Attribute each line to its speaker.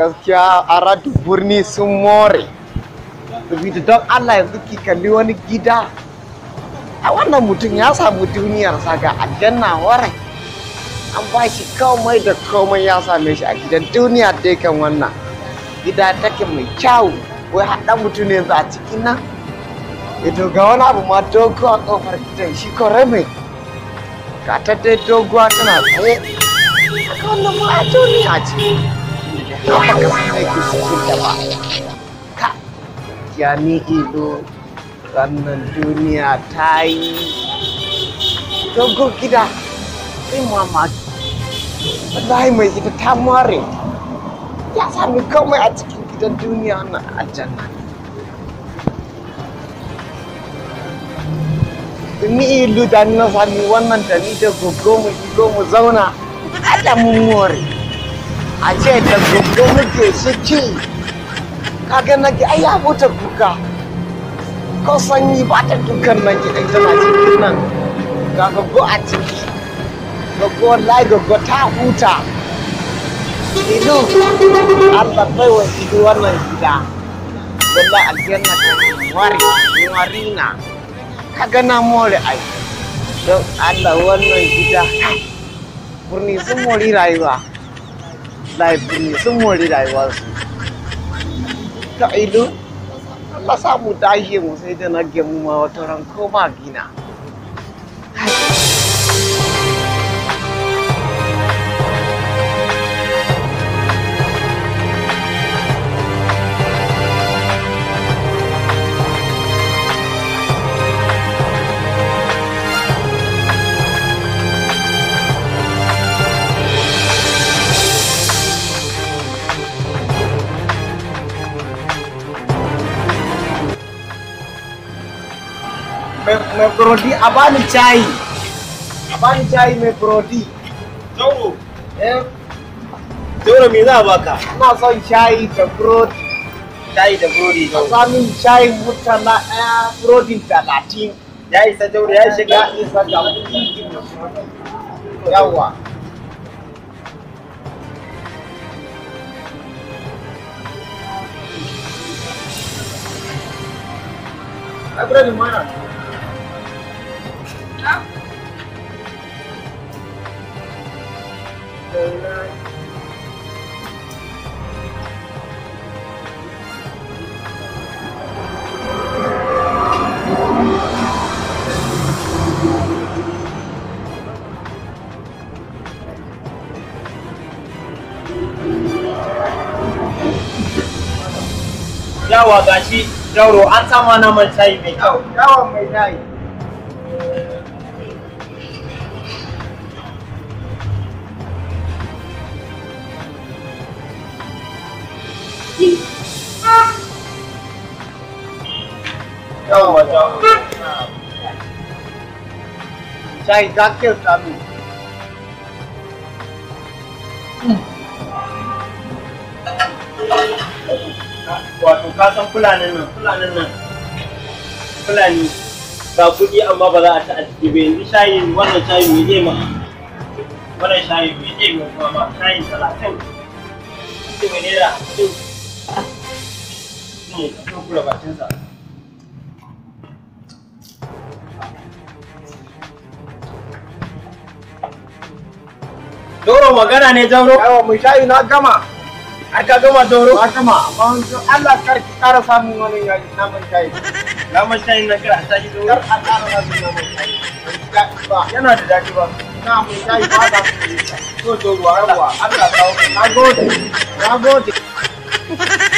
Speaker 1: gaskiya aradu birni sun more saboda don allah yanzu ki kalli wani gida a wannan mutum ya samu duniyarsa ga aljanna warai an ba shi komai da komai ya same shi a gidan duniya dai kan wannan gida take mai kyau wai haɗa mutum ne yanzu a cikin nan ito eh ga wani abu ma dogo a kofar gidan shi kore mai ga ta dai doguwa tana tsaye a wannan ma a duniya ce aiki cikin da ba ka ya miƙi do wannan duniya ta yi dogon gida sai mamaki wallahi mai gida ta more ya sami komai a cikin gidan duniya na aljanna ni ilu da na sami wannan da ni da gogo mu zauna Allah mu more a ce da gudu muke ciki kaga na ga ai abota kuka ko sanyi ba ta dukan nan ki dai tana cikin nan ga gogo a ciki lai ga ko ta huta ilu Allah bai wa ido wannan gida wallahi aljanna ta wari warina kaga na more ai don Allah wannan gida burni sun mori rayuwa laifin sun mori rayuwarsu ta ilu Allah samu dahi mu sai da na gemu ma wata ran koma gina Me burodi abani bani Abani a me cayi mai burodi zauro eh Jauro me za a baka ina son cayi da burodi cayi da burodi zauro a samin cayi mutana ɗaya eh, burodin talatin ya isa jauro ya shiga isa ga yawa Agora ele mora. yawa shi dauro an sama naman shayi mai kyau yawan mai shayi Yawa dauro shayi ta kyauta Thank you. wato ka san fulani nan fulani nan fulani ga kuɗi amma ba za a ta a ba yanzu shayi wannan shayin mai zai ma wannan shayi mai zai kuma ma shayin talatin ita mai naira ne ka san kula bakinsa Doro magana ne Jauro? Yawa mun shayi na gama. har ka gama doro ka gama Allah kar ki kara samun wani yayi naman shayi naman shayi na kira ta gido kar a kara samun naman shayi ba yana da daɗi ba na mai shayi ba ba so doro har wa Allah kawo na gode na gode